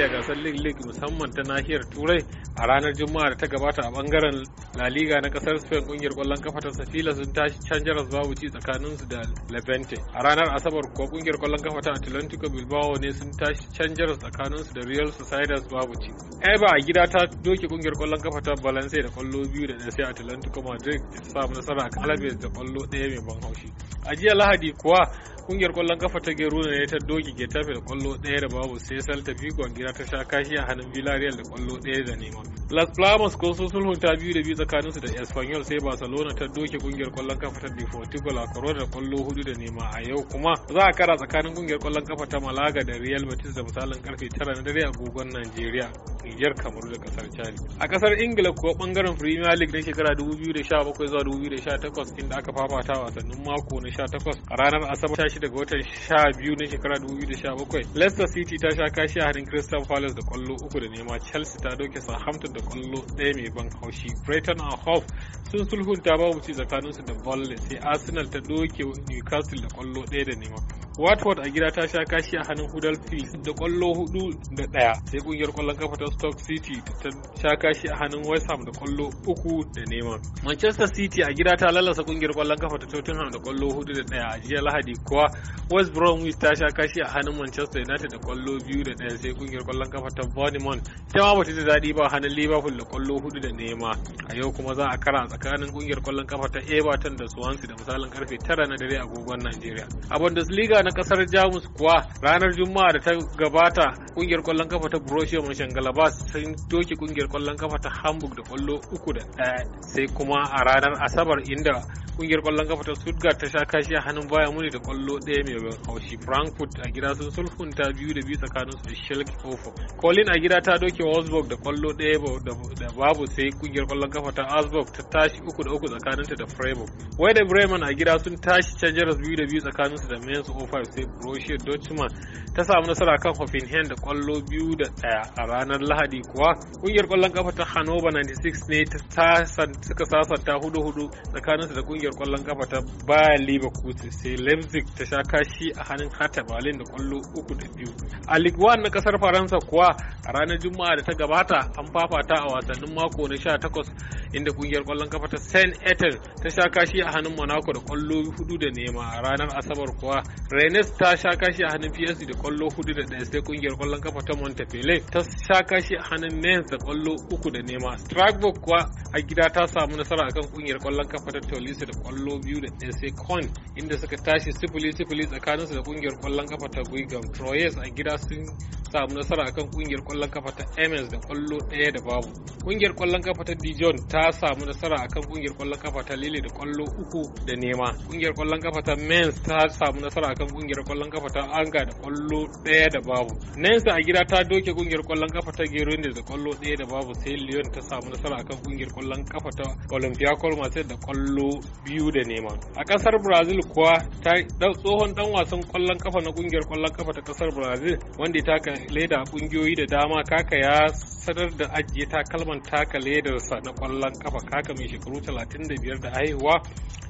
yake a gasar lig lig musamman ta nahiyar turai a ranar juma'a da ta gabata a bangaren la liga na kasar spain kungiyar kwallon kafa ta safila sun tashi can jaras babu ci tsakanin su da levante a ranar asabar kuwa kungiyar kwallon kafa ta atlantico bilbao ne sun tashi can jaras tsakanin su da real sociedad babu ci eba a gida ta doke kungiyar kwallon kafa ta valencia da kwallo biyu da sai atlantico madrid ta samu nasara a alves da kwallo ɗaya mai ban haushi a jiya lahadi kuwa kungiyar kwallon kafa ta geruna ne ta doke getafe da kwallo ɗaya da babu sai celta vigo gida ta sha kashi a hannun Villarreal da kwallo ɗaya da nema. Las Palmas ko sun ta biyu da biyu tsakaninsu da Espanyol sai Barcelona ta doke kungiyar kwallon kafa ta Deportivo La Corona da kwallo hudu da nema a yau kuma za a kara tsakanin kungiyar kwallon kafa ta Malaga da Real Betis da misalin karfe tara na dare a gogon Najeriya. Nijar Kamaru da kasar Chad. A kasar Ingila kuwa bangaren Premier League na shekara 2017 zuwa 2018 inda aka fafata wasannin mako na 18 a ranar Asabar 16 ga watan 12 na shekara 2017 Leicester City ta sha kashi a hannun Crystal crystal palace da kwallo uku da nema chelsea ta doke southampton da kwallo ɗaya mai ban haushi brighton and hove sun sulhunta babu ci tsakaninsu da Burnley sai arsenal ta doke newcastle da kwallo ɗaya da nema Watford a gida ta sha kashi a hannun Huddersfield da kwallo hudu da ɗaya sai kungiyar kwallon kafa ta Stoke City ta sha kashi a hannun West Ham da kwallo uku da neman. Manchester City a gida ta lalasa kungiyar kwallon kafa ta Tottenham da kwallo hudu da ɗaya a jiya Lahadi kuwa West Bromwich ta sha kashi a hannun Manchester United da kwallo biyu da ɗaya sai kungiyar kwallon kafa ta Bournemouth ta ma bata ji daɗi ba hannun Liverpool da kwallo hudu da nema. A yau kuma za a kara tsakanin kungiyar kwallon kafa ta Everton da Swansea da misalin karfe tara na dare agogon Najeriya. A Bundesliga na kasar Jamus kuwa ranar Juma'a da ta gabata kungiyar kwallon kafa ta Borussia Mönchengladbach sun doke kungiyar kwallon kafa ta Hamburg da kwallo uku da ɗaya sai kuma a ranar Asabar inda kungiyar kwallon kafa ta Stuttgart ta sha kashi a hannun baya muni da kwallo ɗaya mai ban haushi Frankfurt a gida sun sulhunta biyu da biyu tsakanin su da Schalke 04 Colin a gida ta doke Wolfsburg da kwallo ɗaya da babu sai kungiyar kwallon kafa ta Augsburg ta tashi uku da uku tsakaninta da Freiburg da Bremen a gida sun tashi Chargers biyu da biyu tsakanin su da Mainz 05 5 sai Borussia Dortmund ta samu nasara kan Hoffenheim da kwallo biyu da ɗaya a ranar Lahadi kuwa ƙungiyar kwallon kafa ta Hannover 96 ne ta suka sasanta hudu-hudu tsakaninsu da ƙungiyar kwallon kafa ta Bayer Leverkusen sai Leipzig ta sha kashi a hannun Hertha Berlin da kwallo uku da biyu. A Ligue 1 na kasar Faransa kuwa a ranar Juma'a da ta gabata an fafata a wasannin mako na 18 inda kungiyar kwallon kafa ta Saint Etienne ta sha kashi a hannun Monaco da kwallo hudu da nema a ranar Asabar kuwa Rennes ta sha kashi a hannun PSG da kwallo hudu da ɗaya sai kungiyar kwallon kafa ta Montpellier ta sha kashi a hannun Nantes da kwallo uku da nema Strasbourg kuwa a gida ta samu nasara akan kungiyar kwallon kafa ta Toulouse da kwallo biyu da ɗaya sai Con inda suka tashi sifili sifili su da kungiyar kwallon kafa ta Guingamp Troyes a gida sun samu nasara akan kungiyar kwallon kafa ta Emmens da kwallo ɗaya da babu kungiyar kwallon kafa ta Dijon ta ta samu nasara akan kungiyar kwallon kafa ta lili da kwallo uku da nema. Kungiyar kwallon kafa ta Mens ta samu nasara akan kungiyar kwallon kafa ta Anga da kwallo daya da babu. nensa a gida ta doke kungiyar kwallon kafa ta Girondins da kwallo daya da babu sai Lyon ta samu nasara akan kungiyar kwallon kafa ta Olympiacos masu da kwallo biyu da nema. A kasar Brazil kuwa ta tsohon dan wasan kwallon kafa na kungiyar kwallon kafa ta kasar Brazil wanda ta ka leda kungiyoyi da dama kaka ya sadar da ajiye takalman taka ledarsa na kwallon kwallon kafa kaka mai shekaru 35 da haihuwa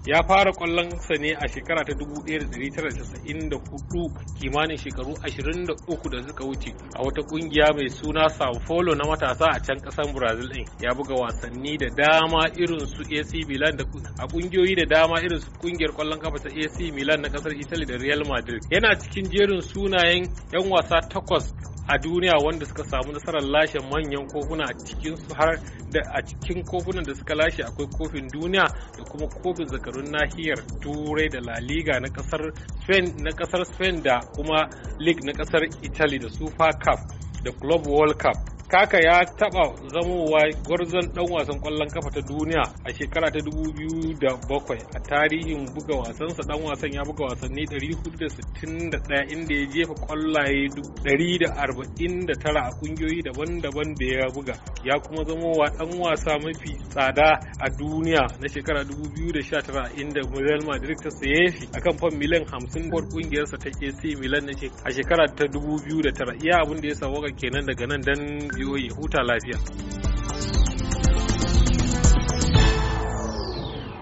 ya fara sa ne a shekara ta 1994 kimanin shekaru 23 da suka wuce a wata kungiya mai suna sao paulo na matasa a can kasan brazil din ya buga wasanni da dama irin su ac milan da a kungiyoyi da dama irin su kungiyar kwallon kafa ta ac milan na kasar italy da real madrid yana cikin jerin sunayen yan wasa takwas a duniya wanda suka samu nasarar lashe manyan kofuna a cikin su har da a cikin kofunan da suka lashe akwai kofin duniya da kuma kofin zakarun nahiyar turai da la liga na kasar spain na kasar spain da kuma league na kasar italy da super cup da club world cup kaka ya taba zamowa gwarzon dan wasan kwallon kafa ta duniya a shekara ta 2007 a tarihin buga wasansa dan wasan ya buga wasanni 461 inda ya jefa kwallaye 149 a kungiyoyi daban-daban da ya buga ya kuma zamowa dan wasa mafi tsada a duniya na shekara 2019 inda Real Madrid ta saye shi akan fam miliyan 50 kwar kungiyarsa ta ke Milan na a shekara ta 2009 iya abin da ya samu kenan daga nan dan BOE huta lafiya.